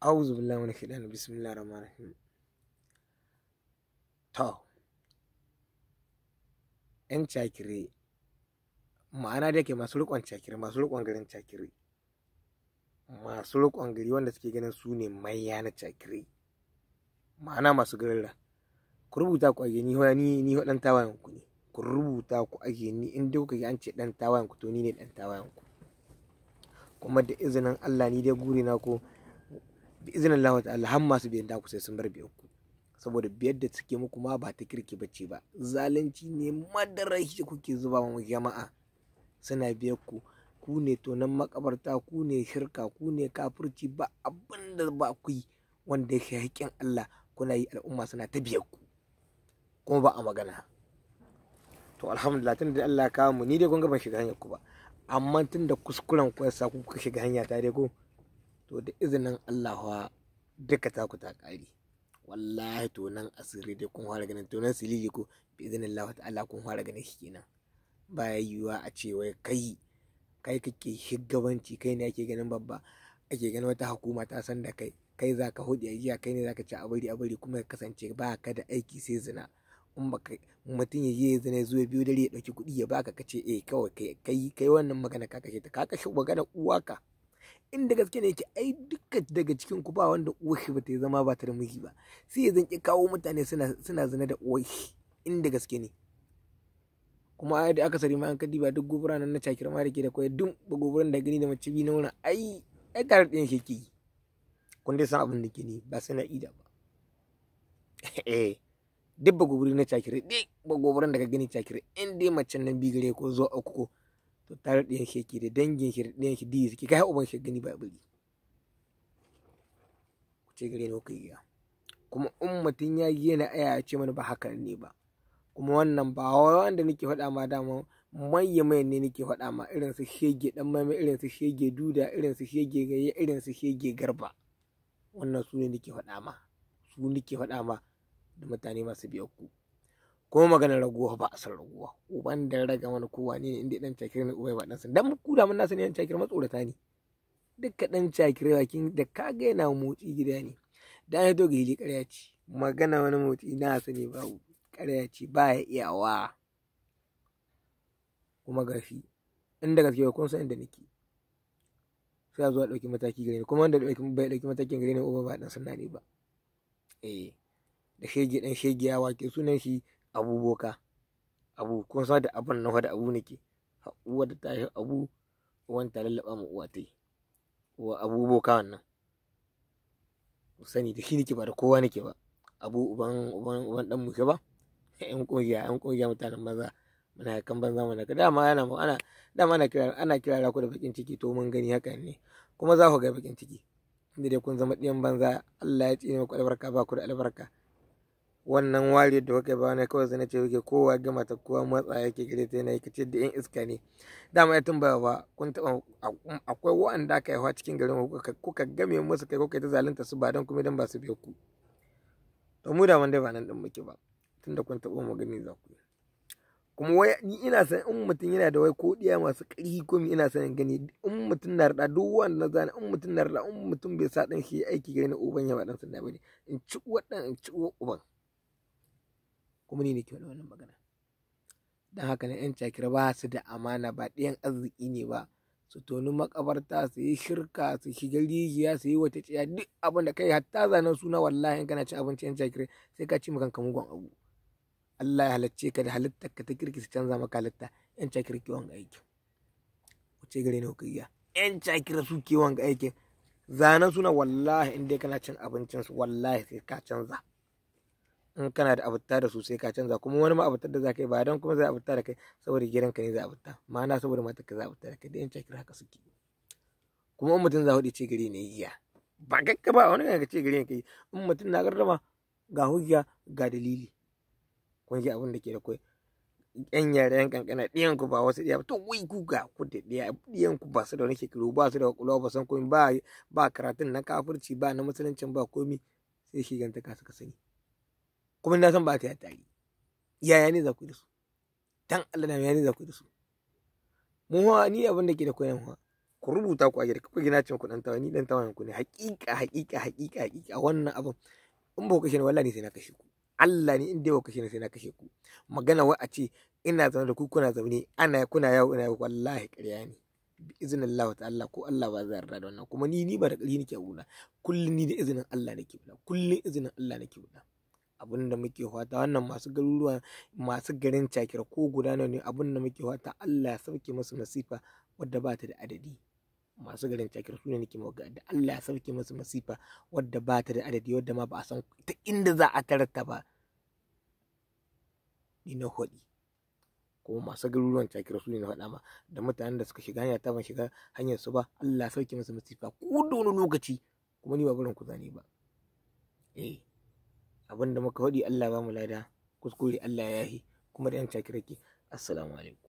auzu billahi min shaitan bismillahir rahmanir rahim to yan cakire ma'ana da yake masu rikon cakire masu garin masu gari wanda suke ganin su ne maiya na cakire ma'ana masu garin ku rubuta ku ni ni dan ku ne ku rubuta ku ni in dai an ce dan tawayen ku to ni ne dan ku kuma da izinin Allah ni dai gure na bi izinin Allah ta'ala har masu biyan daku sai sun bar biyan ku saboda biyar da suke muku ma ba ta kirki bace ba zalunci ne madarashi kuke zuba mu jama'a suna biyar ku ku ne tonan makabarta ku ne shirka ku ne kafirci ba abin ba ku yi wanda ya haƙƙin Allah kuna yi al'umma suna ta biyar ku kuma ba a magana to alhamdulillah tun da Allah ya kawo mu ni dai kun ban shiga hanyar ku ba amma tun da kuskuren ku ya sa ku shiga hanya ta dai ko to da izinin Allah duka taku ta ƙari wallahi to nan asiri dai kun fara ganin tunan silili ko bi izinin Allah ta'ala kun fara ganin shi kenan ba yiwuwa a ce wai kai kai kake shigabanci kai ne ake ganin babba ake ganin wata hukuma ta san da kai kai za ka hudu ajiya kai ne za ka ci a bari a bari kuma ya kasance ba ka da aiki sai zina in mutum ya yi zina zuwa biyu dare ya ɗauki kuɗi ya baka ka ce eh kawai kai kai wannan magana ka kashe ta ka kashe magana ka. inda gaske ne yake ai duka daga cikin ku ba wanda uwashi ba ta zama ba ta da miji ba sai ya zanki kawo mutane suna suna zina da uwashi inda gaske ne kuma ai da akasari ma an kadi ba duk gobura nan na cakir ma da ke da koyar ba goburan da gani da mace bi na wurin ai ai tare da yake ki kun dai san abin da ke ne ba sai na ida ba eh duk ba goburi na cakir dai ba goburan da ka gani cakir in dai mace nan bi gare ko zo uku ko to tare da yake ke da dangin shi da ɗayan shi diyi suke kai uban shi gani ba biri ku ce gare ne kai ya kuma ummatin ya yi yana aya ce mana ba haka ne ba kuma wannan ba wanda nake faɗa ma dama maye mai ne nake faɗa ma irin su shege dan mai irin su shege duda irin su shege gayya irin su shege garba wannan su ne nake faɗa ma su nake faɗa ma da mutane masu biyar ku kuma magana raguwa ba a san raguwa uban da raga mana kowa ne inda dan cakir ne uba ba dan san dan ku da mun nasu ne dan cakir matsorata ne duka dan cakir bakin da kaga yana motsi gida ne da ya doga hili ƙarya ce magana wani motsi na sani ba ƙarya ce ba ya iyawa kuma gashi inda gaske ba kun san inda nake sai a a ɗauki mataki gare ni kuma wanda bai ɗauki matakin gare ni uba ba dan na ne ba eh da shege dan shege ya wake sunan shi abuboka abu kun sa da abin na da abu nake uwa da ta abu uwan ta lallaba mu uwa ta yi wa abuboka wannan sani da shi nake ba da kowa nake ba abu uban uban uban dan mu ba yan kungiya yan kungiya mutanen maza muna kan banza mana ka dama ana ana dama ana kira ana kira ku da bakin ciki to mun gani haka ne kuma za ku ga bakin ciki inda dai kun zama ɗiyan banza Allah ya tsine muku albarka ba ku da albarka wannan wari da kuka bayan kawai sai na ce kuke kowa gama ta kowa matsa yake gare ta yana kace da yan iska ne dama ya tambaya ba kun taɓa akwai wa'anda aka yawa cikin garin kuka game musu kai kuka ta zalunta su ba don kuma idan ba su biyo ku to mu da dai ba nan din muke ba tunda kun taɓa mu gani za ku kuma wai ni ina san in mutum yana da wai ko diya masu ƙarfi ko ina san in gani in mutum na rada duk wanda na zana in mutum na rada in mutum bai sa dan shi aiki gare ni uban ya ba dan sanda ne in ci wadan in ci uban kuma ni ne ke wannan magana don haka na yan cakira ba su da amana ba ɗiyan arziki ne ba su toni makabarta su yi shirka su shiga rijiya su yi wata ciya duk abin da kai hatta zanen suna wallahi kana cin abinci yan cakire sai ka ci kanka kamugon abu Allah ya halacce ka da halittar ka ta kirki su canza maka halitta yan cakira ke wanga aikin Wace gare ne kiyya yan cakira su ke wanga aikin zanen suna wallahi in kana cin abincinsu wallahi sai ka canza in kana da abuta da su sai ka canza kuma wani ma abutar da za ka yi ba don kuma za a abuta da kai saboda gidanka ne za a abuta ma'ana saboda matar ka za a abuta da kai da yin cakir haka suke kuma in mutum za hudu ce gari ne giya ba gagga ba wani ga ce gari ne kai in mutum na gardama ga hujja ga dalili kun ji abin da ke da kai yan yare yan kankana ɗiyan ku ba wasu ɗiya ba to wai ku ga ku da ɗiya ɗiyan ku ba su da wani shekaru ba su da kwakwalwa ba san komai ba ba karatun na kafirci ba na musulunci ba komi sai ganta ka suka sani kuma na san ba ta tari yaya ne za ku da su dan Allah na yaya ne za ku da su mu ha ni abin da ke da koyan ha ku rubuta ku a gida ku gina cewa ku dan tawa ni dan tawa ku ne haƙiƙa haƙiƙa haƙiƙa haƙiƙa wannan abin in ba ku kashe ni wallahi sai na kashe ku Allah ne in dai ba ku kashe ni sai na kashe ku magana wa a ce ina zaune da ku kuna zaune ana kuna yawo ina wallahi ƙarya ne bi izinin Allah Allah ko Allah ba zai yarda da wannan kuma ni ni ba da ƙarfi nake a kullum ni da izinin Allah nake kullum izinin Allah nake buɗa abin da muke fata wannan masu garuruwa masu garin cakira ko guda ne abin da muke fata Allah ya sauke musu masifa wadda ba ta da adadi masu garin cakira su ne nake maga da Allah ya sauke musu masifa wadda ba ta da adadi wadda ma ba a san ta inda za a tarata ba ni na hodi kuma masu garuruwan cakira su ne na faɗa ma da mutanen da suka shiga hanya ta ban shiga hanyar su ba Allah ya sauke musu masifa ko da wani lokaci kuma ni ba barin ku zane ba eh abinda muka faɗi Allah ba mu lada kuskure Allah ya yi kuma da yan rake assalamu alaikum